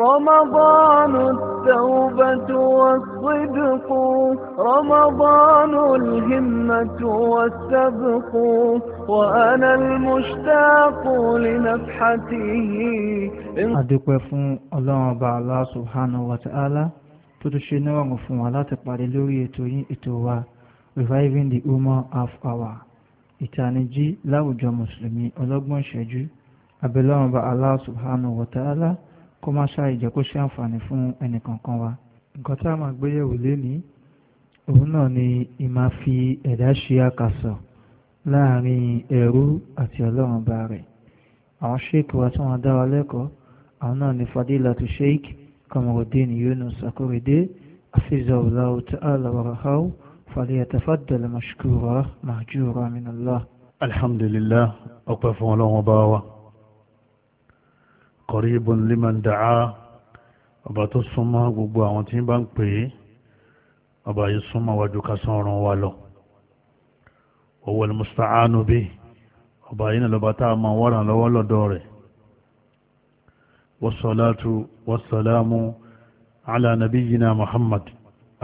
رمضان التوبة والصدق رمضان الهمة والسبق وأنا المشتاق لنفحته adúpẹ́ fún Ọlọ́run Ọba Allah subhanahu wa ta'ala tó tún ṣe níwọ̀n fún wa láti parí lórí ètò yín ètò wa reviving the human half hour ìtànìjí láwùjọ mùsùlùmí ọlọ́gbọ̀n ìṣẹ́jú abẹ́lọ́run Ọba Allah subhanahu wa ta'ala kó má ṣá ìjẹ́ kó ṣe àǹfààní fún ẹnìkankan wa nǹkan tá a máa gbéyẹ̀wò lénìí òun náà ni ìmá fi ẹ̀dá ṣe àkàsọ̀ láàrin ẹrú àti ọlọ́run bá rẹ̀ àwọn sheik wa tí wọ́n dá wa lẹ́kọ̀ọ́ àwọn náà ni fadilatu sheik kamaruddin yunus akorede afizahulawo ta'ala warahaw falyatafaddal mashkura mahjura minallah. alhamdulillah ọpẹ́ fún ọlọ́run ọba wa qaribun liman da'a ọba tó súnmọ́ gbogbo àwọn tí ń bá ń pè é ọba yìí súnmọ́ wájú ká sán ọ̀run wa lọ huwal musta'anu bi ọba yìí náà lọ́ba tá a máa wọ́ràn lọ́wọ́ lọ́dọ̀ rẹ̀ wassalatu wassalamu ala nabiyyina muhammad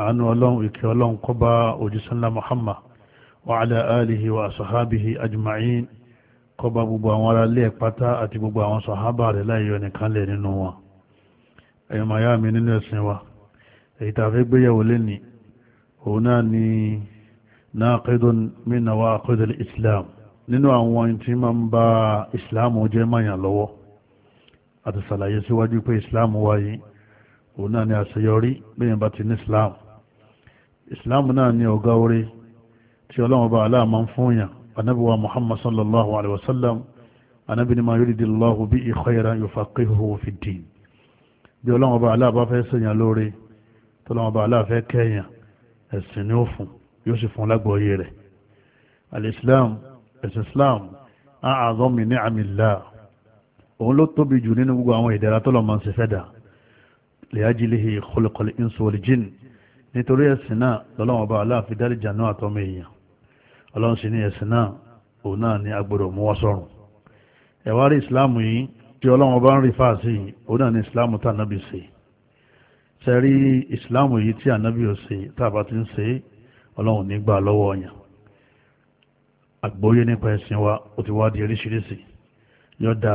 àánú ọlọ́run ìkẹ́ ọlọ́run kó bá òjísánlá muhammad wa ala alihi wa sahabihi ajma'in kọba gbogbo àwọn ará ilé ẹ̀pátá àti gbogbo àwọn sàhábà rẹ̀ láìyọ nìkan lẹ̀ nínú wọn ẹ̀yọ́ màá yá mi nínú ẹ̀sìn wa èyí tàbí gbéyàwó lẹ́ni òun náà ni naqidun min nawaqid al-islam nínú àwọn tí ma ń bá islam jẹ́ mayàn lọ́wọ́ àti sàlàyé síwájú pé islam wáyé òun náà ni àṣeyọrí bẹ́yẹn bá ti ní islam islam náà ni ọ̀gá orí tí ọlọ́run bá aláàmọ́ fún yàn anabiwa muhammad sallallahu alaihi wasallam anabi ni ma yuridillahu bihi khayran yufaqihuhu fi ddin bí ọlọ́run ọba aláàbá fẹ́ sèyàn lóore tọ́lọ́run ọba aláàfẹ́ kẹ́yàn ẹ̀sìn ni ó fún yóò sì fún lágbọ́ọ́yé rẹ̀ alìsílám ẹ̀sìn islam àádọ́mì ní àmìlá òun ló tóbi jù nínú gbogbo àwọn ìdára tọ́lọ̀ máa ń ṣe fẹ́ dà lèyájílẹ̀ ìkọlùkọlù ìnsòwòlìjìn nítorí ẹ̀sìn náà lọ́lọ́run ọba aláàfin dálìjà náà àtọ́mọ èèyàn ọlọ́run sì ní ẹ̀sìn náà òun náà ni agbọ́dọ̀ mú wá sọ́run ẹ̀wá rí ìsìláàmù yìí tí ọlọ́run bá ń rí fáàsì òun náà ni ìsìláàmù tá ànábì ṣe ṣe rí ìsìláàmù yìí tí ànábì ò ṣe tá a bá ti ń ṣe ọlọ́run ní gbà lọ́wọ́ ọ̀yàn àgbóyé nípa ẹ̀sìn wa ó ti wá di oríṣiríṣi yọ̀dà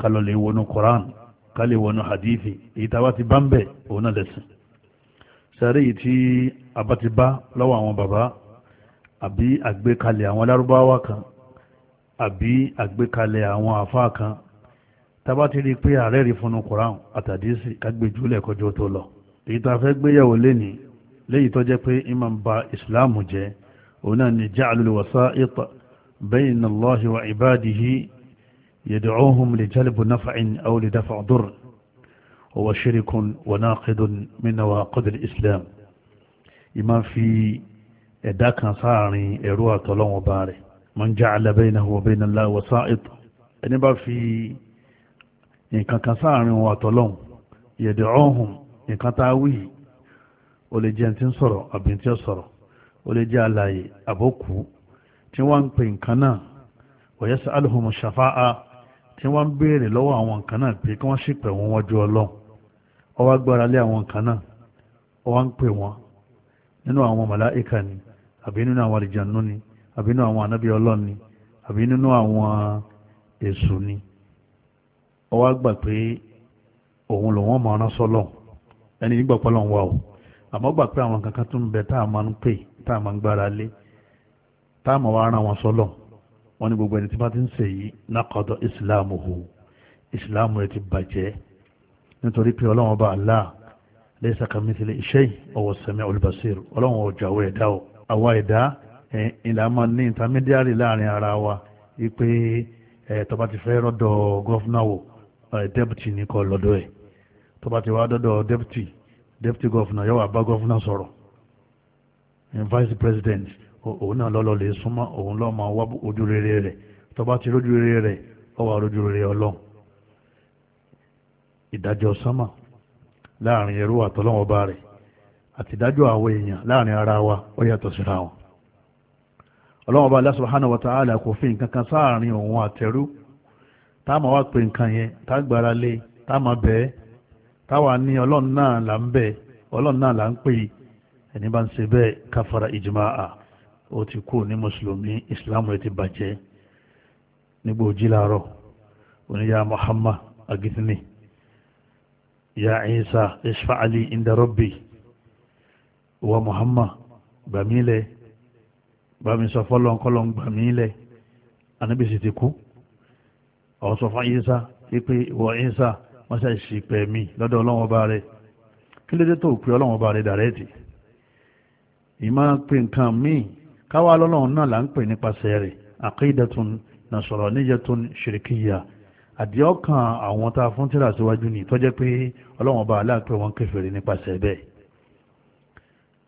kálọ̀ lè wọnú Koran kálẹ̀ wọnú hadithi èyí tá a bá ti bá ń bẹ̀ òun náà lẹ̀sìn ṣe rí àbí àgbékalẹ̀ àwọn lárúbáwá kan àbí àgbékalẹ̀ àwọn àfáà kan tábà ti rí i pé ààrẹ rí funu koran àtàdísì kágbéjúlẹ̀ e kọjọ́ tó lọ èyí tá a fẹ́ gbéyàwó lénìí léyìí tó jẹ́ pé imam ba ìsìláàmù jẹ́ òun náà ni ja'alul wasa'it bayna Allahi wa ibadihi يدعوهم لجلب نفع أو لدفع ضر هو شرك وناقض من نواقض الإسلام ìmá fi ẹ̀dá kan sáàrin ẹ̀rú àtọ́lọ́wọ́n bá rẹ̀ man ja'ala baynahu wa bayna Allahi wasa'it ẹni bá fi nǹkan kan sáàrin wọn àtọ́lọ́wọ́n yad'uhum nǹkan tá a wí ó lè jẹ́ ti ń sọ̀rọ̀ àbí ti ń sọ̀rọ̀ ó lè jẹ́ àlàyé àbókù tí wọ́n ń pè nǹkan náà wa yas'aluhum shafa'a tí wọ́n ń béèrè lọ́wọ́ àwọn nǹkan náà pé kí wọ́n sì pẹ̀ wọ́n wọ́jú ọlọ́run ọwọ́ agbára lé àwọn nǹkan náà ọwọ́ àbí nínú àwọn àlìjànú ni àbí nínú àwọn ànábì ọlọ́run ni àbí nínú àwọn èṣù ni ó wá gbà pé òun lòun máa rán sọ́lọ̀ ẹni nígbà pọ́lọ̀ ń wà o àmọ́ gbà pé àwọn kankan tún bẹ tá a máa ń pè tá a máa ń gbára lé tá a máa wá rán wọn sọ́lọ̀ wọn ni gbogbo ẹni tí bá ti ń ṣe yìí nákọ́dọ̀ ìsìláàmù hù ìsìláàmù rẹ ti bàjẹ́ nítorí pé ọlọ́run ọba Allah laysa kamithlihi shay' wa huwa as ọlọ́run ọjà wẹ̀ dá o. àwa ẹ̀dá ìlà máa ní intermediary láàrin ara wa wípé tọba ti fẹ́ rọ́dọ̀ gọ́fúnà wò deputy ní lọ́dọ̀ ẹ̀ tọba ti wá dọ́dọ̀ deputy deputy gọ́fúnà yóò wá bá gọ́fúnà sọ̀rọ̀ vice president òun náà lọ́lọ́ lè súnmọ́ òun lọ́ máa wá ojú rere rẹ̀ tọba ti rójú rere rẹ̀ ọ wà rójú rere ọlọ́run ìdájọ́ láàrin ẹrú àtọ́lọ́wọ́ bá àti ìdájọ́ àwọn èèyàn láàrin ara wa ó yàtọ̀ síra wọn ọlọ́wọ́n bá Allah subhanahu wa ta'ala kò fi nǹkan kan sáàrin òun àtẹrú táàmà wá pé nǹkan yẹn tágbára lé táàmà bẹ́ẹ̀ táwa ní ọlọ́run náà là ń bẹ̀ ọlọ́run náà là ń pè ẹni bá ń ṣe bẹ́ẹ̀ káfara ó ti kú ní mùsùlùmí ìsìláàmù rẹ ti bàjẹ́ nígbà òjì làárọ̀ oníyà Muhammad agitini ya Isa ishfa'ali ìwọ Muhammad gbàmílẹ̀ bàmí sọ fọlọ́n kọ́lọ́n gbàmílẹ̀ anábì sì ti kú ọ̀ sọ fún Isa pípé ìwọ Isa wọ́n ṣe ṣìpẹ̀ mi lọ́dọ̀ ọlọ́wọ́n ọba rẹ̀ kí ló dé tó pé ọlọ́wọ́n ọba rẹ̀ dàrẹ́ẹ̀tì ìmọ̀ pé nǹkan míì káwá lọ́lọ́run náà là ń pè nípasẹ̀ rẹ̀ àkídàtún nasraniyatun ṣìríkìyà àdìọ́kàn àwọn tá a fún tíra síwájú ni tọ́jẹ́ pé ọlọ́wọ́n ọba aláàpẹ̀ wọn kèfèrí nípasẹ̀ bẹ́ẹ̀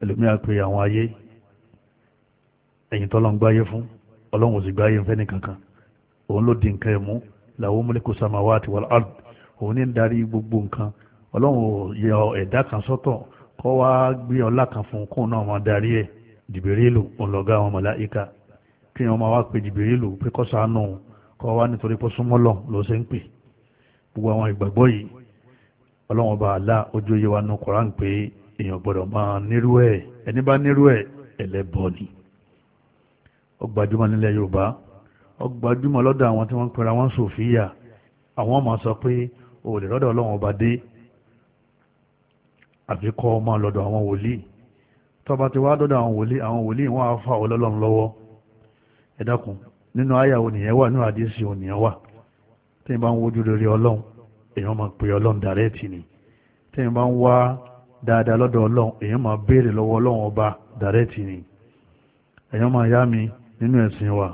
ẹlòmíà pé àwọn ayé ẹ̀yìn tọ́lọ́ ń gbáyé fún ọlọ́run ò sì gbáyé ń fẹ́ni kankan òun ló di nǹkan ẹ̀mú làwọn mọ́lẹ́kù samawati wal ard òun ní darí gbogbo nǹkan ọlọ́run ò yọ ẹ̀dá kan sọ́tọ̀ kọ́ wá gbé ọlá kan fún kóun náà máa darí ẹ̀ jìbìrìlù ọlọ́gá àwọn màláíkà kí wọ́n máa wá pe jìbìrìlù pé kọ́ sànù kọ́ wá nítorí pé súnmọ́lọ̀ ló ṣe ń pè gbogbo àwọn ìgbàgbọ́ yìí ọlọ́run ọba àlá ojú yẹ wa nu Kùránì pé èèyàn gbọ́dọ̀ máa nírú ẹ̀ ẹni bá nírú ẹ̀ ẹlẹ́bọ ni ó gbajúmọ̀ nílẹ̀ Yorùbá ó gbajúmọ̀ lọ́dọ̀ àwọn tí wọ́n ń pera wọn sòfíà àwọn máa sọ pé o lè lọ́dọ̀ Ọlọ́run ọba dé àfikọ́ ọmọ lọ́dọ̀ àwọn wòlíì tọba ti wá dọ́dọ̀ àwọn wòlíì àwọn wòlíì wọ́n á fa ọlọ́lọ́run lọ́wọ́ ẹ dákun nínú àyà ònìyàn wà nínú àdísì ònìyàn wà tẹ́yìn bá ń wojú rere Ọlọ́run èèyàn máa pè Ọlọ́run dàrẹ́ẹ̀tì ni tẹ́yìn bá ń wá dáadáa lọ́dọ̀ ọlọ́run èèyàn máa béèrè lọ́wọ́ ọlọ́run ọba dàrẹ́tì ni èèyàn máa yá mi nínú ẹ̀sìn wa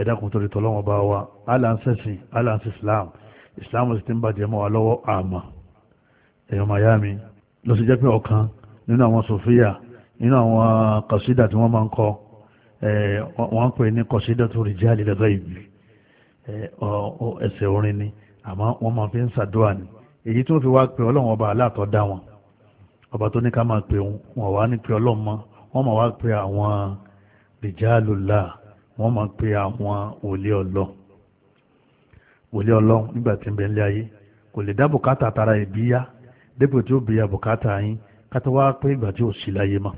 ẹ̀dá kò tó lè tọ́ ọlọ́run ọba wa aláǹsẹ̀sìn aláǹsẹ̀ islam islam sì ti ń bàjẹ́ mọ́ wa lọ́wọ́ àmà èèyàn máa yá mi ló sì jẹ́ pé ọ̀kan nínú àwọn sofia nínú àwọn kọ̀sídà tí wọ́n máa ń kọ wọ́n ń pè ní kọ̀sídà tó rijali al-ghaib ẹsẹ̀ orin ni àmọ́ wọ́n máa fi ń ṣàdúrà ni èyí tó fi wá pé ọlọ́run ọba aláàtọ̀ dá wọn ọba tó ní ká máa pè wọn wá ní pé ọlọ́run mọ́ wọ́n máa wá pé àwọn rìjálùlá wọ́n máa pé àwọn òlé ọlọ́ òlé ọlọ́run nígbà tí ń bẹ nílé ayé kò lè dá bùkátà tara ìbí yá dépò tí ó bí ya bùkátà yín kátó wá pé ìgbà tí ò sí láyé mọ́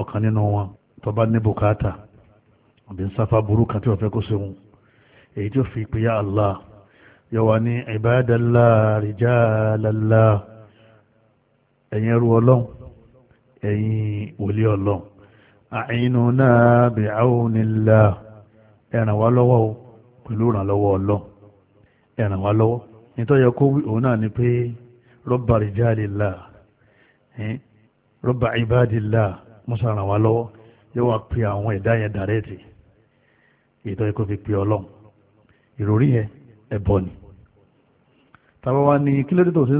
ọ̀kan nínú wọn tó bá ní bùkátà ọ̀bí ń sáfá burú kan tí wọ́n fẹ́ kó sóhun èyí tó fi pé ya Allah yọ wá ní ibadallah rijalallah. ẹ̀yin ẹrú ọlọ́run ẹ̀yin wòlíì ọlọ́run àìnú náà bi aunillah ẹ̀ràn wá lọ́wọ́ o pẹ̀lú ìrànlọ́wọ́ ọlọ́run ẹ̀ràn wá lọ́wọ́ nítorí ọkọ̀ òun náà ni pé rọ́bà rijalillah rọ́bà musa ràn wá lọ́wọ́ yóò wá pe àwọn ẹ̀dá yẹn dàrẹ́ẹ̀tì ètò ẹ̀kọ́ fi pe ọlọ́run ìròrí yẹn ni wa ni kílódé tó ṣe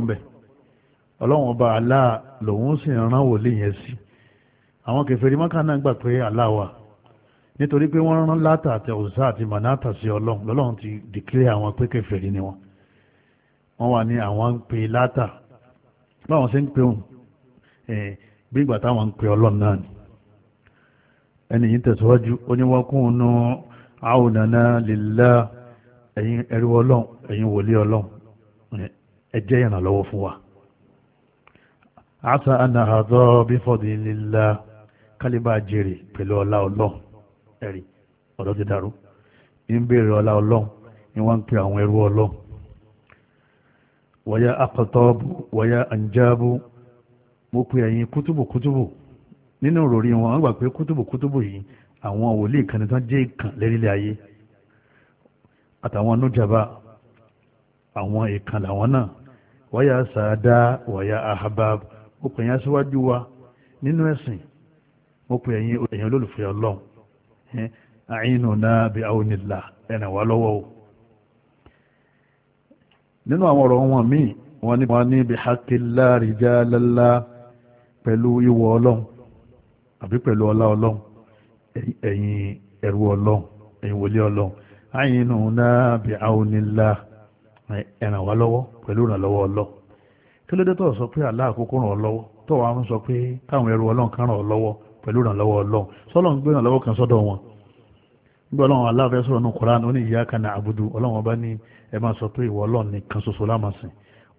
ń ọlọ́run ọba Allah lòun sì rán wòlíì yẹn sí àwọn kèfèrí Mákà náà gbà pé Allah wà nítorí pé wọ́n rán látà àti ọ̀sá àti mànátà sí ọlọ́run lọ́lọ́run ti dìklẹ́ àwọn pé kèfèrí ni wọ́n wọ́n wà ní àwọn ń pe látà báwọn ṣe ń pe òun bí ìgbà táwọn ń pe ọlọ́run náà ni ẹni yìí tẹ̀síwájú oníwákùnúnú àwòdàná lílá ẹ̀yin ẹrú ọlọ́run ẹ̀yin wòlíì ọlọ́run ẹ jẹ́ ìrànlọ́wọ́ fún wa àtà ànàhàdọ́ bí fọ́dìlélá kálíbà jèrè pẹ̀lú ọlá ọlọ́run ẹ̀rí ọ̀dọ́ ti dàrú ń béèrè ọlá ọlọ́run ni wọ́n ń pe àwọn ẹrú ọlọ́run wọ́yá akọ̀tọ́ọ̀bù wọ́yá ànjábù mo pe ẹ̀yin kútùbù kútùbù nínú òròrí wọn wọ́n gbà pé kútùbù kútùbù yìí àwọn wòlíì ìkànnì tán jẹ́ ìkàn lérílẹ̀ ayé àtàwọn anújàbá àwọn ìkàn làwọn náà wọ́yá sàádá wọ́yá ahabab mo pè yẹn síwájú wa nínú ẹ̀sìn mo pè ẹ̀yin èèyàn olólùfẹ́ ọlọ́run àyínú náà bí aunilá ẹ̀ràn wá lọ́wọ́ o nínú àwọn ọ̀rọ̀ wọn míì wọ́n ní wọ́n ní bí hakilá rìjálálá pẹ̀lú ìwọ ọlọ́run àbí pẹ̀lú ọlá ọlọ́run ẹ̀yin ẹ̀rú ọlọ́run ẹ̀yin wòlé ọlọ́run àyínú náà bí aunilá ẹ̀ràn wá lọ́wọ́ pẹ̀lú ìrànlọ́wọ́ ọlọ́run kí ló dé tó sọ pé Allah àkókò ràn ọ́ lọ́wọ́ tó wàá ń sọ pé káwọn ẹrú ọlọ́run kan ràn ọ́ lọ́wọ́ pẹ̀lú ìrànlọ́wọ́ ọlọ́run sọ́lọ́ ń gbé ìrànlọ́wọ́ kan sọ́dọ̀ wọn nígbà ọlọ́run Allah fẹ́ sọ̀rọ̀ ní Kùránì ó ní iyyaka na'budu ọlọ́run ọba ní ẹ máa sọ pé ìwọ ọlọ́run nìkan ṣoṣo la máa sìn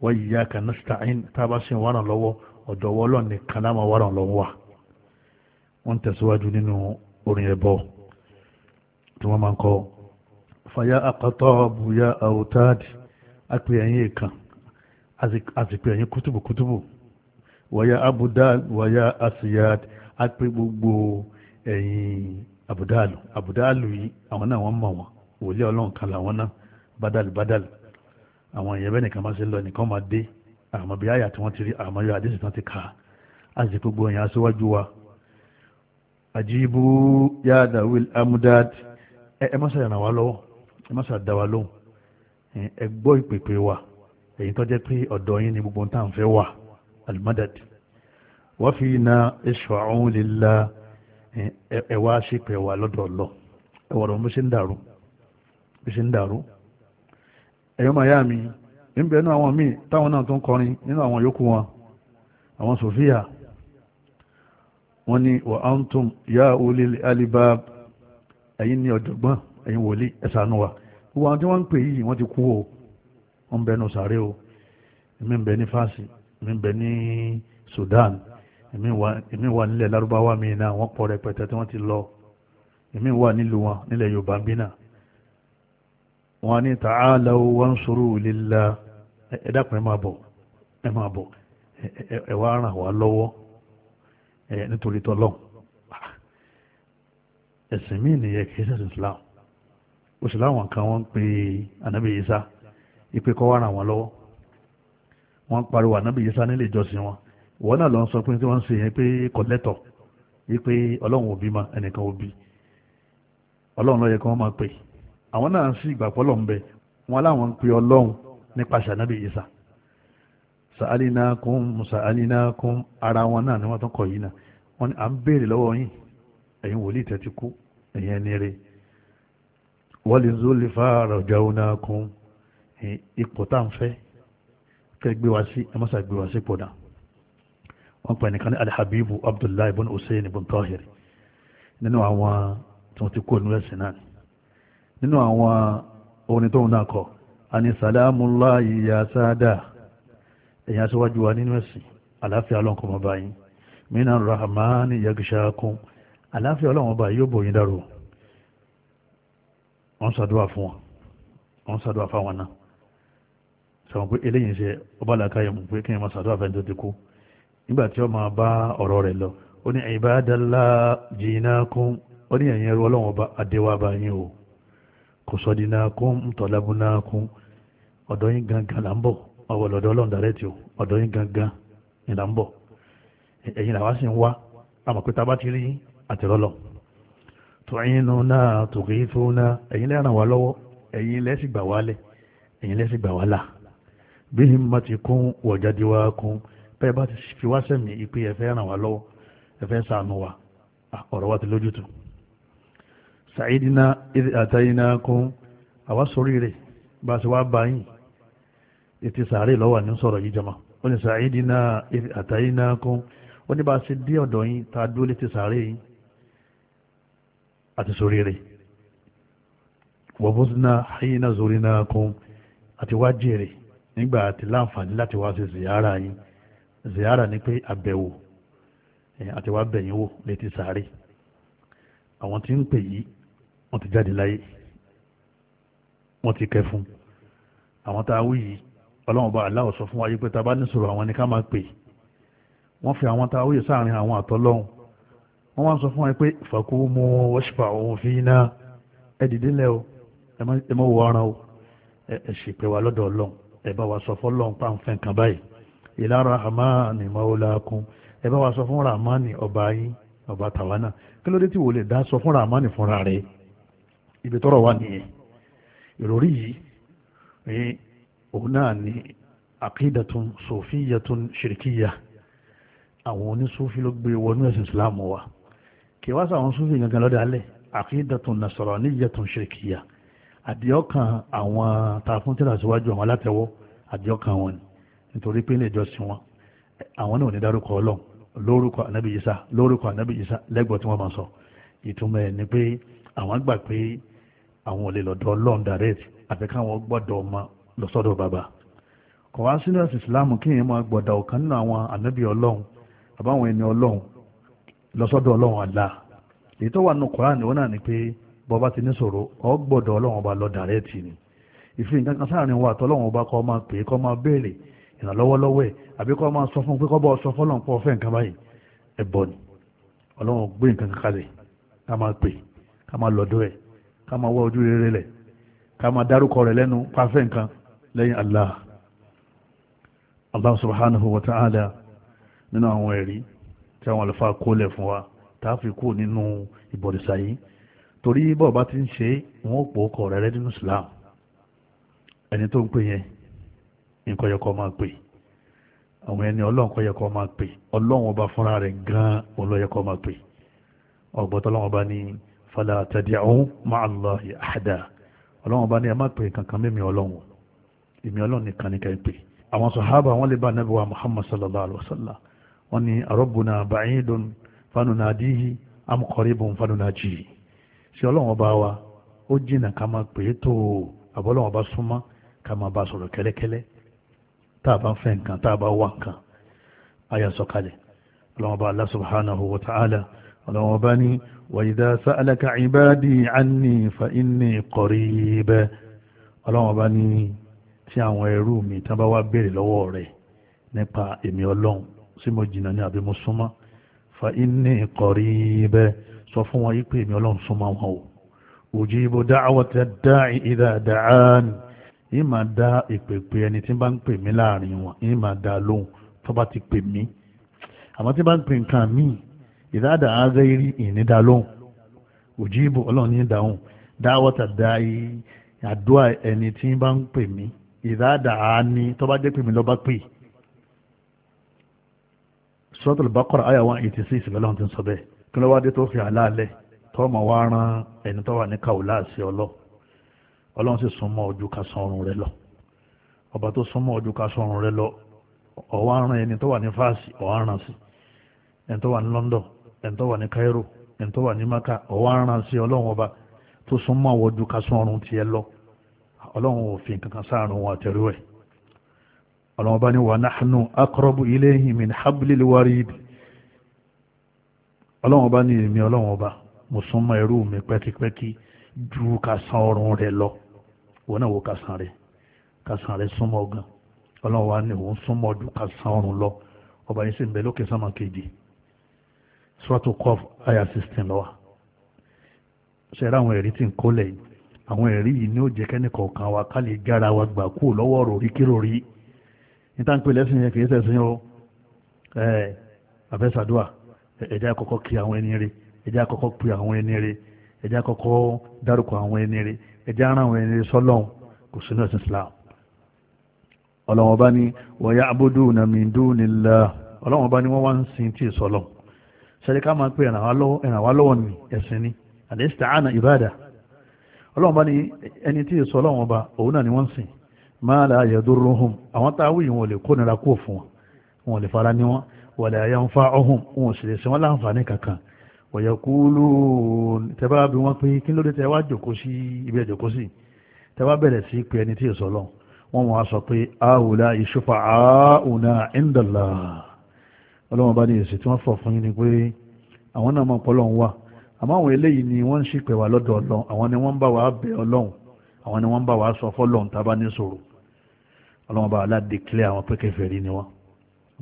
wa iyyaka nasta'in tá a bá sìn wà lọ́wọ́ ọ̀dọ̀ wọ ọlọ́run nìkan lá àsìpẹ̀ ẹ̀yìn kútùbù kútùbù wàyà abudal wàyà asiyad àpè gbogbo ẹ̀yìn abudalu abudalu yìí àwọn náà wọ́n mọ̀ wọ́n wòlé ọlọ́run kan làwọn náà badal badal àwọn èèyàn bẹ́ẹ̀ nìkan máa ṣe lọ nìkan máa dé àmọ́ bí àyà tí wọ́n ti rí àmọ́ yóò àdéhùn tán ti kà á àti gbogbo èèyàn aṣíwájú wa àjíbú yáàdà wil amudad ẹ má ṣàyànnà wa lọ́wọ́ ẹ má ṣàdá wa lóhùn ẹ gbọ́ ìpèpè wa èyí tó jẹ́ pé ọ̀dọ̀ yín ni gbogbo tá à ń fẹ́ wà almadad wa fina ishfa'u lillah ẹ wá ṣèpẹ̀ wà lọ́dọ̀ ọ̀lọ́ ẹ wọ̀rọ̀ bó ṣe ń dàrú bó ṣe ń dàrú ẹ̀yọ́ màyá mi níbẹ̀ nínú àwọn míì táwọn náà tó ń kọrin nínú àwọn yòókù wọn àwọn sofia wọ́n ní wa antum ya ulil albab ẹ̀yin ni ọ̀jọ̀gbọ́n ẹ̀yin wòlíì ẹ̀sánú wa gbogbo àwọn tí wọ́n ń pè yìí wọ́n ti kú o wọ́n ń bẹ ní sàárè o èmi ń bẹ ní fásì èmi ń bẹ ní Sudan èmi wà nílẹ̀ lárúbáwá mi náà wọ́n pọ̀ rẹpẹtẹ tí wọ́n ti lọ èmi wà nílùú wọn nílẹ̀ Yorùbá bí náà wọ́n ní ta'alaw wansuru lillah ẹ̀dàpọ̀ ẹ máa bọ̀ ẹ máa bọ̀ ẹ wá ràn wá lọ́wọ́ nítorí tọ́lọ́ ẹ̀sìn míì nìyẹn kì í ṣẹ̀sìn Islam kan wọ́n ń pe Ànábì Isa ìpè kọ́ wá ràn wọ́n lọ́wọ́ wọ́n pariwo ànábì yìí sá nílé ìjọsìn wọn ìwọ́n náà lọ sọ pé tí wọ́n ń ṣe yẹn pé kọ̀lẹ́tọ̀ yìí pé ọlọ́run òbí ma ẹnìkan òbí ọlọ́run ló yẹ kí wọ́n máa pè àwọn náà ń sí lọ́n bẹ wọn láwọn ń pe ọlọ́run nípasẹ̀ ànábì yìí sá sàálìnàkùn sàálìnàkùn ara wọn náà ni wọ́n tún kọ̀ yìí náà wọ́n ní à ń béèrè lọ́wọ́ yín ẹ̀yin wòlíì tẹ́ kú ẹ̀yin ẹni rẹ̀ wọ́n lè zó lè fa àrọ̀jà náà kún ipò tá ń fẹ́ kẹ́ gbé wá sí ẹ mọ́sà gbé wá sí pọ̀dà wọ́n pẹ̀lú kan ní alhabibu abdullahi ibn hussein ibn tahir nínú àwọn tí wọ́n ti kó nínú ẹ̀sìn náà nínú àwọn orin tóun náà kọ àní sàlámùláyì ya sáádà èyàn aṣíwájú wa nínú ẹ̀sìn àláfíà ọlọ́nkọ̀ọ́mọ́ báyìí minan rahmani yagishakum àláfíà ọlọ́wọ́n báyìí yóò bòyìn dárò wọ́n ṣàdúrà fún wọn wọ́n ṣàdúrà fáwọn náà sọ̀rọ̀ pé eléyìí ṣe ọba làkàyè mú pé kéèyàn máa ṣàdúrà ti kú nígbà tí ó máa bá ọ̀rọ̀ rẹ̀ lọ ó ní ìbádàlá jìnnákún ó ní ẹ̀yìn ẹrú ọlọ́wọ́n ọba adéwàbá yín o kò sọ́dínákún ntọ́lábúnákún ọ̀dọ́ yín gangan là ń bọ̀ ọlọ́run o yín gangan ni là ń bọ̀ ẹ̀yìn làwa sì ń wá àmọ́ pé tábà ti rí náà tòkè náà bíhìn má ti kún wọ̀jáde wá kún bẹ́ẹ̀ bá ti fi wá sẹ́mi ìpè ẹ̀fẹ́ ràn wá lọ́wọ́ ẹ̀fẹ́ sànù wa ọ̀rọ̀ wa ti lójútu. sàìdínà ìdí àtàyínà kún àwa sórí rẹ̀ bá a ti wá bá yín ètí sàárè lọ́wọ́ ní sọ̀rọ̀ yìí jama ó ní sàìdínà ìdí àtàyínà kún ó ní bá a ti dé ọ̀dọ̀ yín tá a dúró létí sàárè yín àti sórí rẹ̀ wọ́n bó ti ná àyínà sórí náà kún àti wá jèrè nígbà àti láǹfààní láti wá sí ziyara yín ziyara ni pé àbẹ̀wò àti wá bẹ̀yìn wò létí sáré àwọn tí ń pè yìí wọ́n ti jáde láyé wọ́n ti kẹfun àwọn tá a wí yìí ọlọ́run bá aláwọ̀ sọ fún wa yí pé tá a bá ní sọ̀rọ̀ àwọn ni ká máa pè wọ́n fi àwọn tá a wí sáàrin àwọn àtọ́lọ́hún wọ́n wá sọ fún wa pé fàkúmù wọ́ṣípà òun fi iná ẹ̀dìdínlẹ̀ o ẹ má wọ ọ̀ràn o ẹ ṣèpè wa lọ́dọ̀ ọlọ́run ẹ bá wa sọ fọlọ́n pa ń fẹ́ nǹkan báyìí ìlà rahmani maulakum ẹ bá wa sọ fún rahmani ọba yín ọba tàwa náà kí ló dé tí wò lè dá sọ fún rahmani fúnra rẹ ibi tọrọ wà nìyẹn ìròrí yìí ní òun náà ní àkídàtún sòfíyàtún ṣìrìkìyà àwọn onísúfì ló gbé wọnú ẹ̀sìn islam wa kí wá sáwọn súfì gangan lọ́dọ̀ alẹ́ àkídàtún nasọ̀rọ̀ níyàtún ṣìrìkìyà àdìọ́kàn àwọn tààfúntìrà síwájú àwọn alátẹ̀wọ́ àdìọ́kàn wọn ni nítorí pé ilé ìjọsìn wọn àwọn náà ní dárúkọ ọlọ́run lórúkọ ànábì Ìsá lórúkọ ànábì Ìsá lẹ́gbọ̀ọ́ tí wọ́n máa sọ ìtumọ̀ ẹ̀ ni pé àwọn gbà pé àwọn ò lè lọ́dọ̀ ọlọ́run direct àfi káwọn gbọ́dọ̀ ọmọ lọ́sọ́dọ̀ bàbá kò wá sínú ẹ̀sìn ìsìláàmù kí èèyàn máa gbọ̀dà ọ̀kan nínú àwọn ànábì ọlọ́run àbáwọn ẹni ọlọ́run lọ́sọ́dọ̀ ọlọ́run àlá èyí tó wà nù Kùránì wọn náà ni pé bọ́ba ti ní sọ̀rọ̀ ọ gbọ́dọ̀ ọlọ́run ọba lọ dàrẹ́ẹ̀tì ni ìfihàn kankan sáàrin wa àtọ́lọ́run ọba kọ́ máa pè é kọ́ máa béèrè ìrànlọ́wọ́ lọ́wọ́ ẹ̀ àbí kọ́ máa sọ fún pé kọ́ bá ọ sọ fọ́lọ́n pọ̀ fẹ́ nǹkan báyìí ẹ̀bọ ni ọlọ́run gbé nǹkan kalẹ̀ ká máa pè ká máa lọ́dọ̀ ẹ̀ ká máa wá ojú rere lẹ̀ ká máa dárúkọ rẹ̀ lẹ́nu pàfẹ́ nǹkan lẹ́yìn Allah Allah subhanahu wa ta'ala nínú àwọn ẹ̀rí tí àwọn àlùfáà kólẹ̀ fún wa tá kú nínú ìbọ̀dìsá yìí torí bọ́ọ̀ bá ti ń ṣe wọn ò pò ó kọ̀ rẹ́rẹ́ nínú Islam ẹni tó ń pè yẹn nǹkan yẹ kó máa pè àwọn ẹni ọlọ́run kọ́ yẹ kó máa pè ọlọ́run ọba fúnra rẹ̀ gan-an òun ló yẹ kó máa pè ọgbọ́tọ́ ọlọ́run ọba ní fala tadi'u ma'allahi ahada ọlọ́run ọba ní ẹ má pè kankan mímí ọlọ́run ìmí ọlọ́run nìkan ní kẹ́ẹ̀ pè àwọn sàhábà wọn lè bá ànábì wa Muhammad sallallahu alaihi wa sallam wọn ní arọ́bùnà ba'idun ṣé ọlọ́run ọba wa ó jìnnà ká máa pè é tó o àbọ̀ ọlọ́run ọba súnmọ́ ká máa bá sọ̀rọ̀ kẹ́lẹ́kẹ́lẹ́ tá a bá fẹ́ nǹkan tá a bá wà nǹkan àyà sọ̀kalẹ̀ ọlọ́run ọba Allah subhanahu wa ta'ala ọlọ́run ọba ní wa idha sa'alaka ibadi anni fa inni qarib ọlọ́run ọba ní tí àwọn ẹrú mi tán bá wá béèrè lọ́wọ́ rẹ̀ nípa èmi ọlọ́run sí mo jìnnà ní àbí mo súnmọ́ fa inni qarib bẹ́ẹ̀ sọ fún wọn yípe èmi ọlọ́run súnmọ́ wọn o ujibu da'wata da'i idha da'ani yìí máa dá ìpèpè ẹni tí bá ń pè mí láàrin wọn yìí máa dá lóhùn tó bá ti pè mí àmọ́ tí bá ń pè nǹkan míì idha da'a ghairi ìní dá lóhùn ujibu ọlọ́run ní dáhùn da'wata da'i àdúrà ẹni tí bá ń pè mí idha da'ani tó bá jẹ́ pè mí lọ́ba pè Suratul Baqara àyà 186 ìsìnkú ọlọ́run ti ń sọ bẹ́ẹ̀ kí ló wá dé tó fi àlàálẹ̀ tọ́mọ̀ wá rán ẹni tó wà ní kàwùlá sí ọlọ́ ọlọ́run sì súnmọ́ ojú ka sọ̀rùn rẹ lọ ọba tó súnmọ́ ojú ka sọ̀rùn rẹ lọ ọwọ́ rán ẹni tó wà ní fásì ọwọ́ rán sí ẹni tó wà ní London ẹni tó wà ní Cairo ẹni tó wà ní Maka ọwọ́ rán sí ọlọ́run ọba tó súnmọ́ ojú ka sọ̀rùn tiẹ̀ lọ ọlọ́run ò fi sáàrùn wọn àtẹ̀rù ẹ̀ ọlọ́run ọba ní wa nahnu aqrabu ilayhi min hablil warid ọlọ́run ọba ní èmi ọlọ́run ọba mo súnmọ́ ẹrú mi pẹ́kipẹ́kí ju kásán ọrùn rẹ̀ lọ òun náà wo kásán rẹ̀ kásán rẹ̀ súnmọ́ gan ọlọ́run wa ní òun súnmọ́ ju kásán ọrùn lọ ọba yìí sì ń bẹ lókè sámà kejì sọ́tò kọ́f àyà sixteen lọ́wọ́ ṣẹ̀rẹ̀ àwọn ẹ̀rí tí ń kólẹ̀ yìí àwọn ẹ̀rí yìí ní ó jẹ́ kẹ́nìkọ̀ọ̀kan wa ká lè jára wa gbà kú lọ́wọ́ ròrí kíròrí níta ń pè lẹ́sìn yẹn kì í sẹ́sìn o ẹ̀ àfẹ́sàdúà ẹ̀já kọ́kọ́ kí àwọn ẹni rẹ̀ ẹ̀já kọ́kọ́ pè àwọn ẹni rẹ̀ ẹ̀já kọ́kọ́ dárúkọ àwọn ẹni rẹ̀ ẹ̀já rán àwọn ẹni rẹ̀ sọ́lọ́hún kò sínú ẹ̀sìn Islam ọlọ́wọ́n bá ní wa ya'buduna min dunillah ọlọ́wọ́n bá ní wọ́n wá ń sin tí ìsọ̀lọ̀ ṣẹlẹ̀ ká máa pé ẹ̀rànwá lọ́wọ́ ní ẹ̀sìn ni al-isti'ana ìbáàdà ọlọ́wọ́n bá ní ẹni tí ìsọ̀lọ̀ wọn bá òun náà ni wọ́n sìn ma la yadurruhum àwọn táwí wọn lè kó nira kó fún wọn wọn lè fara ní wọn wàlẹ̀ àyà ń fa ọ̀hún wọn sì lè ṣe wọ́n láǹfààní kankan wọ̀yẹ̀kúlù tẹ́bá bí wọ́n pé kí ló tẹ́wá jòkó sí ibi ẹ̀jòkó sí tẹ́wá bẹ̀rẹ̀ sí pé ẹni tí èso wọ́n wọ́n á sọ pé àwòlá ìṣòfà àwòlá ìndàlá ọlọ́wọ́n bá ní èsì tí wọ́n fọ̀ fún yín ni pé àwọn náà mọ̀ pọ́lọ́ wà àmọ́ àwọn eléyìí ni wọ́n ń ṣìpẹ̀ wá lọ́dọ̀ ọlọ́run àwọn ni wọ́n ń bá wa bẹ̀ ọlọ́run àwọn ni wọ́n ń bá wa sọ fọ́lọ́run declare àwọn pé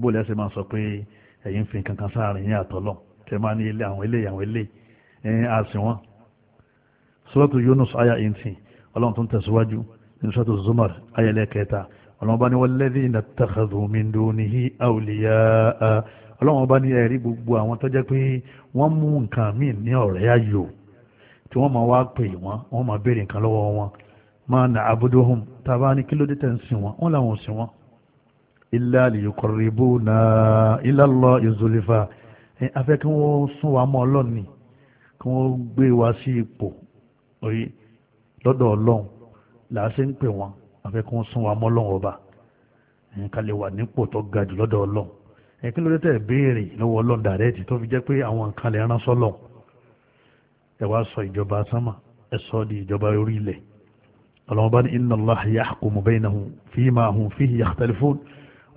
bó lẹ́sẹ̀ máa sọ pé ẹ̀yin fi kankan sáàrin yín àtọ́lọ̀ tẹ máa ní ilé àwọn ilé àwọn ilé ẹ̀yìn àsìn wọn. suratu Yunus aya eighteen ọlọ́run tó ń tẹ̀síwájú nínú suratu Zumar aya ẹlẹ́kẹta ọlọ́run bá ní walladhina ittakhadhu min dunihi awliyaa ọlọ́run bá ní ẹ̀rí gbogbo àwọn tó jẹ́ pé wọ́n mú nǹkan míì ní ọ̀rẹ́ ayò tí wọ́n máa wá pè wọ́n wọ́n máa béèrè nǹkan lọ́wọ́ wọn máa na'buduhum tàbá ní kílódé tẹ̀ ń sìn wọn wọ́n làwọn sìn wọn illa liyuqarribuna ila Allah ìzòlìfà afẹ́ kí wọ́n sún wa mọ́ ọlọ́run ni kí wọ́n gbé wa sí ipò orí lọ́dọ̀ ọlọ́run làásì ń pè wọn, kí sún wa ọba ká lè wà nípò tó ga jù lọ́dọ̀ ọlọ́run kí ló dé béèrè tó fi jẹ́ pé àwọn nǹkan lè rán ẹ wá sọ ìjọba sánmà ẹ sọ di ìjọba orí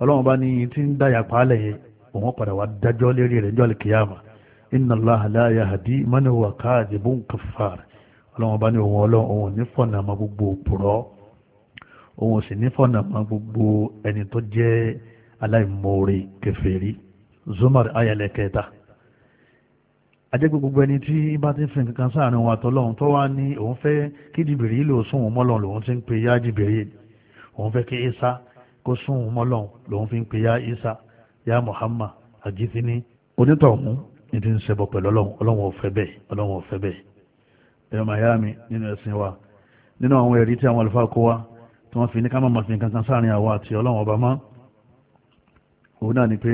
ọlọ́run bá ní tí ń dáyà pàálẹ̀ yẹn òun padà wá dájọ́ lérí rẹ̀ jọ́lẹ̀ kìyàmà inna Allaha la yahdi man huwa kadhibun kaffar ọlọ́run bá ní òun ọlọ́run òun ní fọ̀nà máa gbogbo òpùrọ́ òun sì ní fọ̀nà máa gbogbo ẹni tó jẹ́ aláìmoore kèfèrí Zumar ayẹlẹ kẹta ajẹ́gbẹ́ gbogbo ẹni tí bá ti fi nǹkan sáàrin òun àtọ́lọ́run tó wá ní òun fẹ́ kí jìbìrì lò sún òun mọ́lọ́run lòun ti ń pe yá jìbìrì òun fẹ́ kí Isa kó sún un mọ́lọ́n lòun fi ń pe ya isa ya muhammad àgìtìní onítọ̀hún ní ti ń ṣẹbọ pẹ̀lú ọlọ́run ọlọ́run ò fẹ́ bẹ́ẹ̀ ọlọ́run ò fẹ́ bẹ́ẹ̀ ẹ̀rọ miami nínú ẹ̀sìn wa nínú àwọn ẹ̀rí tí àwọn àlùfáà kó wa tí wọ́n fi ní ká má máa fi kankan sáàrin àwa àti ọlọ́run ọba mọ́ òun náà ni pé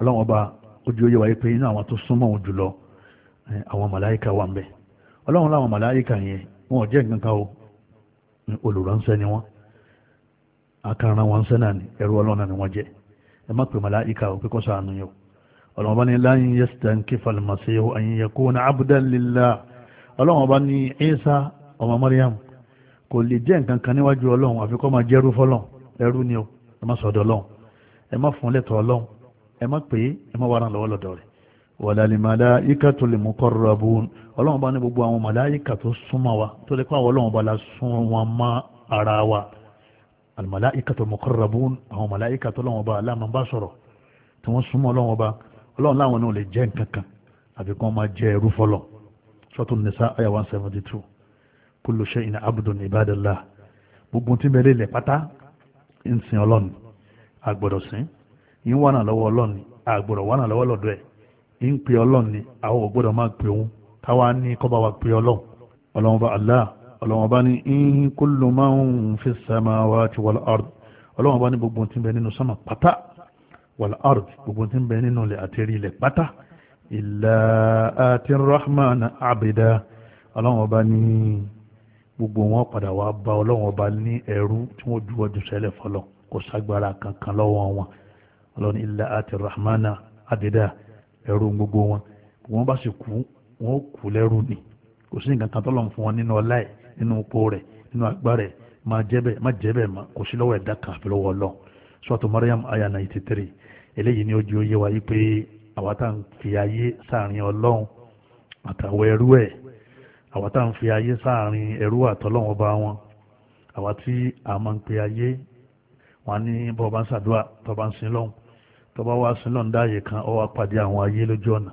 ọlọ́run ọba ojú oyè wáyé pé inú àwọn tó súnmọ́ òun jùlọ àwọn màláìka wà ń bẹ ọlọ́run láwọn màláìka yẹn wọn ò jẹ́ nǹkan kan o olùránṣẹ́ ni wọ́n àkàrà wọn sẹ́nà ni ẹ̀rù ọlọ́nà ni wọ́n jẹ́ ẹ má pè màláìka ò kíkọ́ sànù yọ ọlọ́wọ́n bá ní láyìn yẹ́sítàn kífàlì màṣẹ́hù àyìnyẹ kó ní abudalila ọlọ́wọ́n bá ní Isa ọmọ Mariam kò lè jẹ́ nǹkan kan níwájú ọlọ́run àfi kó jẹ́rú fọlọ́n ẹrú ni o ẹ má sọ̀dọ̀ ọlọ́run ẹ má fún lẹ́tọ̀ ọlọ́run ẹ má pè é ẹ má wàrà lọ́wọ́ lọ́dọ̀ rẹ̀ wàlálì màláìka tó lè mú kọ́rọ̀ abúrún ọlọ́run bá ní gbogbo àwọn màláìka tó súnmọ́ wa tó lè kó àwọn ọlọ́run bá la sún wọn mọ́ ara wa al-malaikatul muqarrabun àwọn màláìka tó lọ́wọ́ bá aláàmọ́ bá sọ̀rọ̀ tí wọ́n súnmọ́ lọ́wọ́ bá ọlọ́run láwọn náà lè jẹ́ nǹkan kan àbí kí wọ́n máa jẹ́ ẹrú fọlọ́ sọ́tún nisa aya one seventy two kullu shay'in abdun ibadallah gbogbo tí mẹ́lẹ́ ilẹ̀ pátá ń sin ọlọ́run àgbọ̀dọ̀ sìn ń wà náà lọ́wọ́ ọlọ́run àgbọ̀dọ̀ wà náà lọ́wọ́ lọ́dọ̀ ẹ̀ ń pe ọlọ́run àwọn ògbọ́dọ̀ máa pe òun káwa ní kọ́ wa pe ọlọ́run ọlọ́run Allah ọlọ́wọ́n bá ní in kullu man fi samawati wal ard ọlọ́wọ́n bá ní gbogbo tí ń bẹ nínú sánmà pátá wal ard gbogbo tí ń bẹ nínú ilẹ̀ àti rí ilẹ̀ pátá illa ati rahman abida ọlọ́wọ́n bá ní gbogbo wọn padà wá bá ọlọ́wọ́n bá ní ẹrú tí wọ́n ju ọdún sẹ́lẹ̀ fọlọ́ kò ságbára kankan lọ́wọ́ wọn ọlọ́ni illa ati rahman abida ẹrú gbogbo wọn wọn bá sì kú wọn kú lẹ́rú ni kò sí nǹkan kan tọ́lọ́ fún wọn nínú ọlá nínú ipò rẹ̀ nínú agbára rẹ̀ máa jẹ́ bẹ́ẹ̀ má jẹ́ bẹ́ẹ̀ má kò sí lọ́wọ́ ẹ̀dá kan àfi lọ́wọ́ ọlọ́ sọ́tò Mariam aya ninety three eléyìí ni ó di wa yí pé àwa tá à ń fi ayé sáàrin ọlọ́run àtàwọn ẹrú ẹ̀ àwa tá à ń fi ayé sáàrin ẹrú àtọ́lọ́run ọba wọn àwa tí a máa ń pe ayé wọn ní bọ́ọ̀ bá ń ṣàdúrà tó bá ń sin lọ́hùn tó bá wá sin lọ́hùn dáàyè kan ó wá pàdé àwọn ayé lójú ọ̀nà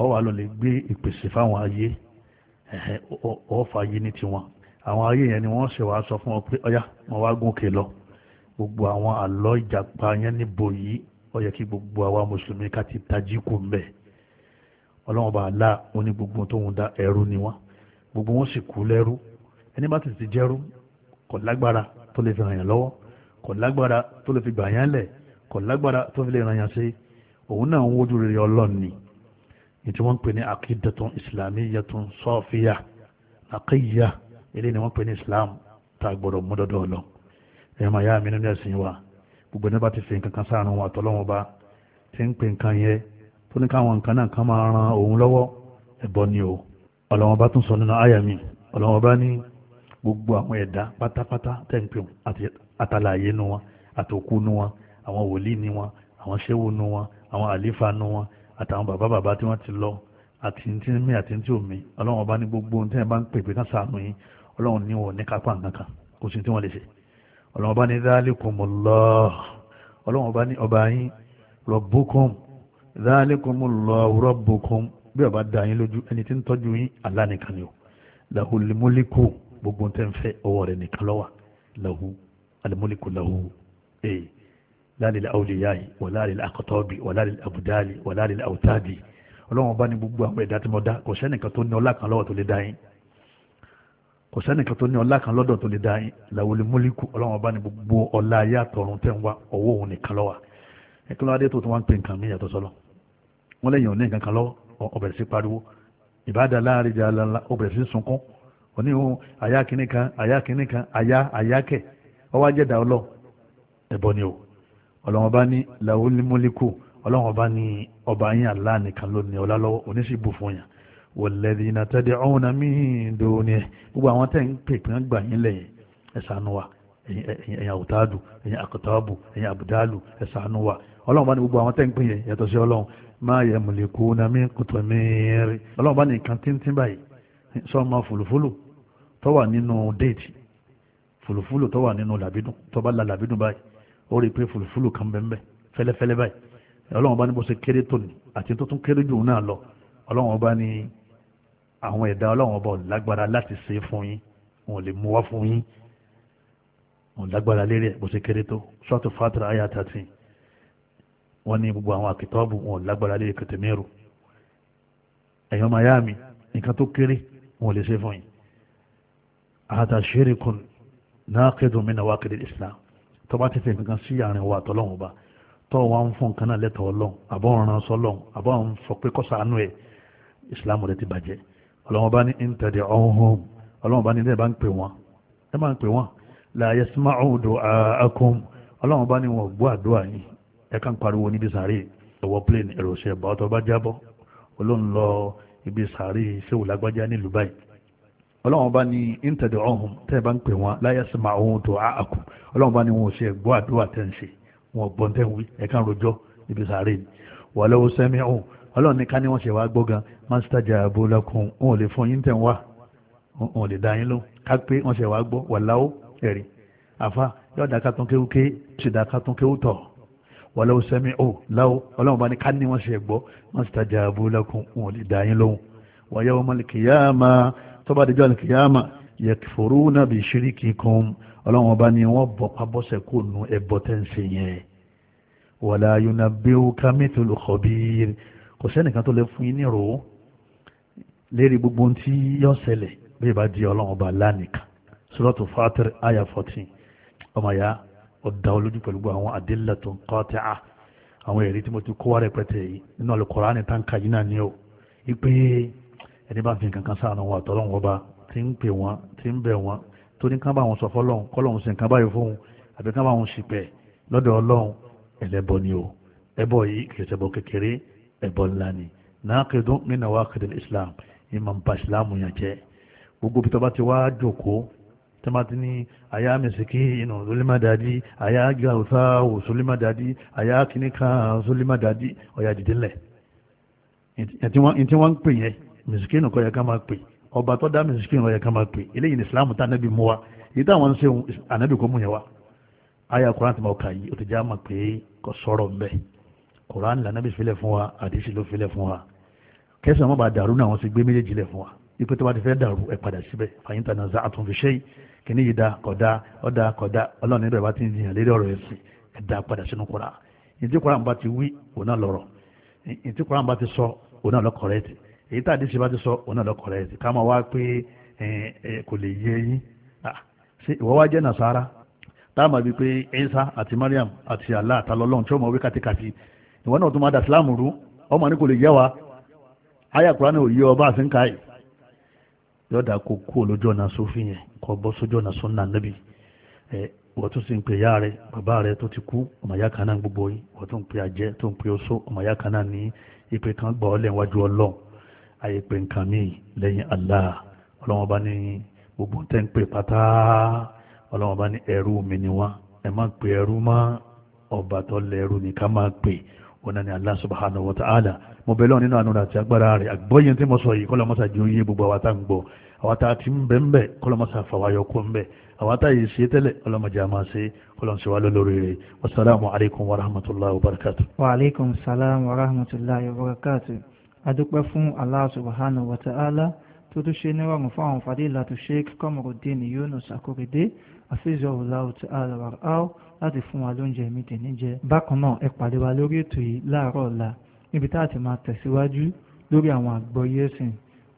ó wá lọ lè gbé ìpèsè fáwọn ayé ọ̀ọ́fà yìí ní tiwọn àwọn ayé yẹn ni wọ́n ṣe wàá sọ fún ọ pé ọyá wọn wá gòkè lọ gbogbo àwọn àlọ́ ìjàpá yẹn níbo yìí ó yẹ kí gbogbo àwa mùsùlùmí ká ti tají kù mbẹ ọlọ́wọ́n bá la wọn ní gbogbo tóun da ẹrú ni wọn gbogbo wọn sì kú lẹ́rú ẹni bá ti ti jẹ́rú kò lágbára tó lè fi ràn yàn lọ́wọ́ kò lágbára tó lè fi gbà yàn lẹ̀ kò lágbára tó fi lè ràn yàn ṣe òun náà ń wojú rere ọlọ́ọ̀ni ètí wọ́n ń pè ní akidatun islamiyatun sọ́ọ̀fíà àkíyà eléyìí ni wọ́n pè ní islam tá a gbọ́dọ̀ mú dọ́dọ́ lọ ẹ̀rọ màá yá mi nínú ẹ̀sìn wa gbogbo ẹni bá ti fi nǹkan kan sáànù wọn àtọ́lọ́wọ́n bá ti ń pè nǹkan yẹn tó ní káwọn nǹkan náà kan máa ran òun lọ́wọ́ ẹ̀bọ ni o ọlọ́wọ́n bá tún sọ nínú àyà mi ọlọ́wọ́n bá ní gbogbo àwọn ẹ̀dá pátápátá tẹ̀ ń pè àtàlàyé nu wọn àtòkú nu wọn àwọn wòlíì nu wọn àwọn ṣẹ́wó nu wọn àwọn àlífà nu wọn àtàwọn bàbá bàbá tí wọ́n ti lọ àti tí mi àti tí omi ọlọ́run ọba ní gbogbo ohun tí wọ́n bá ń pèpè ká sànù yín ọlọ́run ní wọn ní kápá nǹkan kò sí tí wọ́n lè ṣe ọlọ́run ọba ní dhalikumullah ọlọ́run ọba ní ọba yín rabbukum dhalikumullahu rabbukum bí ọba dá yín lójú ẹni tí ń tọ́jú yín Allah nìkan ni o lahu limuliku gbogbo ohun tẹ́ ń fẹ́ ọwọ́ rẹ̀ nìkan ló wà lahu alimuliku lahu eh láàrin àwòlíyáyì wà láàrin àkọ́tọ́bì wà láàrin àbùdálì wà láàrin àwòtábì ọlọ́run bá ní gbogbo àwọn ẹ̀dá tí mo dá kò sẹ́nìkan tó ní ọlá kan lọ́wọ́ tó lè dá yín kò sẹ́nìkan tó ní ọlá kan lọ́dọ̀ tó lè dá yín làwọlé múlíkù ọlọ́run bá ní gbogbo ọlá ayé àtọ̀run tẹ̀ ń wá ọwọ́ òun nìkan lọ́wọ́ ẹ̀kọ́ adé tó tún wá pè nǹkan mí yàtọ̀ sọ́lọ́ wọ́n lẹ́yìn òní ọlọ́wọ́n bá ní làwọ́límọ́líkù ọlọ́wọ́n bá ní ọba yín Allah nìkan lónìí ọlálọ́wọ́ oníṣìbù fún yàn walladhina tad'una min dunihi gbogbo àwọn tẹ̀ ń pè pé wọ́n gbà yín lẹ́yìn ẹ̀sánú wa ẹ̀yìn àwùtáàdù ẹ̀yìn àkọ́tàbù ẹ̀yìn àbùdálù ẹ̀sánú wa ọlọ́wọ́n bá ní gbogbo àwọn tẹ̀ ń pè yẹn yàtọ̀ sí ọlọ́run ma yamlikuna min qitmir ọlọ́run bá ní nǹkan tíntín báyìí sọ́ọ́mà fùlùfúlù tó wà nínú déètì fùlùfúlù tó wà nínú làbídùn tó la làbídùn báyìí ó rí i pé fùlùfùlù kan bẹ́ẹ̀ bẹ́ẹ̀ fẹ́lẹ́fẹ́lẹ́ báyìí ọlọ́run bá ní bó ṣe kéré tó ní àti tó tún kéré jù náà lọ ọlọ́run bá ní àwọn ẹ̀dá ọlọ́run ọba lágbára láti ṣe é fún yín wọn lè mú wá fún yín wọn lágbára lérí ẹ̀ bó ṣe kéré tó ṣọ́ọ̀tù fàtàrà àyà tàtì wọn ní gbogbo àwọn àkìtọ́ọ̀bù wọn lágbára lérí kẹtẹmẹ́rù ẹ̀yọ́ miami nǹkan tó kéré wọn lè ṣe fún yín àtàṣírí kun náà kédùn mí náà wákìlì islam tó bá ti fi nǹkan sí àárín wa àtọ́lọ́hún ọba tó wà ń fún nǹkan náà lẹ́tọ̀ ọlọ́hún àbọ̀ ọ̀ràn sọlọ́hún àbọ̀ ń sọ pé kọ́sà àánú ẹ̀ ìsìlámù rẹ̀ ti bàjẹ́ ọlọ́hún bá ní intẹ̀dẹ̀ ọ̀hún ọlọ́hún bá ní ilé bá ń pè wọ́n ẹ máa ń pè wọ́n la yasma'u du'aakum ọlọ́hún bá ní wọn gbọ́ àdúrà yín ẹ kàn pariwo níbi sàárè ọwọ́ plane ẹ̀rọ ṣẹ̀ bá jábọ́ olóhùn ibi sàárè ṣéwù lágbájá nílùú ọlọ́run bá ní intad'uhum tẹ́ bá ń pè wọ́n la yasma'u du'aakum ọlọ́run bá ní wọn ò ṣe gbọ́ àdúrà tẹ́ ń ṣe wọn gbọ́n tẹ́ ń wí ẹ̀kan rojọ́ ibi sàárè ni walaw sami'u ọlọ́run ní ká ní wọ́n ṣe wá gbọ́ gan mastajabu lakum wọn ò lè fún yín tẹ̀ wá wọn ò lè dá yín ló ká pé wọ́n ṣe wá gbọ́ wàláwó ẹ̀rí àfa yóò tó bá dijọ́ alkiyama yakfuruna bi shirikikum ọlọ́run ọba ni wọ́n bọ̀ pabọ́sẹ̀ kó nu ẹbọ tẹ́ǹsì yẹn wala yunabbi'uka mithlu khabir kò sẹ́nìkan tó lè fún yín nírò lérí gbogbo ohun tí yọ ṣẹlẹ̀ bẹ́ẹ̀ bá di ọlọ́run ọba lánìkan suratu fatir aya fourteen ọmọ ya ọ̀dà olójú pẹ̀lú àwọn adillatun qati'ah àwọn ẹ̀rí tí mo ti kó wá rẹpẹtẹ yìí nínú al ẹni bá fi nǹkan kan sáànù wa àtọ́lọ́hún ọba tí ń pè wọn tí ń bẹ̀ wọn tó ní ká bá wọn sọ fọlọ́hún kọ́lọ́hún sì nǹkan báyìí fóun àbí ká bá wọn sì pẹ̀ lọ́dọ̀ ọlọ́hún ẹlẹ́bọ ni o ẹbọ yìí kì í ṣẹbọ kékeré ẹbọ ńlá ni nàákìdún nínú àwọn akéde islam ìmọ̀ nípa islam yẹn jẹ́ gbogbo bí tọ́ba ti wá jòkó tọ́ba ti ní àyà mẹ̀sìkì inú solimadadi àyà gàwùsà wò solimadadi àyà kìnnìkan solimadadi ọ̀yà dìdínlẹ̀ ẹ̀ tí wọ́n ń pè yẹn mìsìkínù kọ́ yẹ ká máa pè ọba tó dá mìsìkínù yẹ ká máa pè eléyìí ní islam tá anábì mú wa èyí táwọn ń ṣe anábì kò mú yẹn wa aya koran ti ma ka yìí o ti já ma pé kò sọ̀rọ̀ ń bẹ̀ koran lànàbì filẹ̀ wa àdìsí ló filẹ̀ fún wa kẹsàn-án má bàa dàrú náà wọ́n ti gbé méjèèjì lẹ̀ wa ipò tó bá ti fẹ́ dàrú ẹ̀ padà síbẹ̀ fàyín tànà za àtúnfi ṣe kìíní yìí da kọ̀dá ọ̀dà kọ̀dá ọlọ́run níbẹ̀ bá ti ń jiyàn lérí ọ̀rọ̀ ẹ̀sìn ẹ̀ dá padà sínú koran ìdí koran bá ti wí òun náà lọ̀rọ̀ ìdí koran bá ti sọ òun náà lọ́kọ̀ọ́rẹ́tì èyí tá àdìsí bá ti sọ òun náà lọ correct ká máa wá pé kò lè yé yín ah, ṣé ìwọ wá jẹ́ nàṣàrà tá a máa bí pé àti Mariam àti Allah àtàlọ́lọ́run tí ó mọ̀ wí kàtíkàtì ìwọ náà tún máa dà síláàmù rú ọmọ ní kò lè yẹ wa aya Kùránì ò yé ọba àti nǹka yìí yọ̀dà kó kú olójú ọ̀nà sófin yẹn kó bọ́ sójú ọ̀nà sunna ẹ wọ́n tún sì ń pe ìyá rẹ̀ bàbá rẹ̀ tó ti kú ọmọ kan náà gbogbo yìí wọ́n tún ń tó ń ọmọ kan kan gbọ́ ọ́ lẹ́wájú àyè pé nǹkan míì lẹ́yìn Allah ọlọ́wọ́n bá ní gbogbo tẹ́ ń pè pátá ọlọ́wọ́n bá ní ẹrú mi ni wá ẹ má pè ẹrú mọ́ ọba tó lẹ́rú nìkan máa pè wọn náà ni Allah subhanahu wa ta'ala mo bẹ̀ lọ́wọ́ nínú àánú àti agbára rẹ̀ àgbọ́yé tí mo sọ yìí kọ́lọ́mọ́sá jẹ́ oyé gbogbo àwọn tá ń gbọ́ àwọn tá a ti ń bẹ̀ ń bẹ̀ kọ́lọ́mọ́sá fàwáyọ kó ń bẹ̀ àwọn tá yìí ṣe tẹ́lẹ̀ ọlọ́mọdé a máa ṣe kọ́lọ́mọ́sá wà lórí rẹ̀ wasalaamu alaykum wa rahmatulahi wa barakatu. wa aleykum salaam wa rahmatulahi wa barakatu adúpẹ́ fún Allah subhanahu wa ta'ala tó tún ṣe níwọ̀n fún àwọn fadilatu sheikh Qamaruddin Yunus Akorede afizahullahu ta'ala wara'aw láti fún wa lóúnjẹ mi tẹ̀níjẹ. bákan náà ẹ pàdé wa lórí ètò yìí láàárọ̀ ọ̀la níbi tá a ti máa tẹ̀síwájú lórí àwọn àgbọ́yé ẹ̀sìn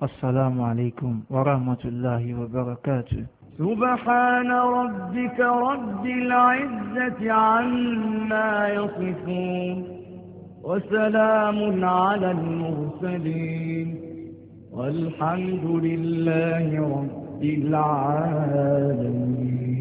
assalamu alaikum wa rahmatullahi wa barakatuh. سبحان ربك رب العزة عما يصفون وسلام على المرسلين والحمد لله رب العالمين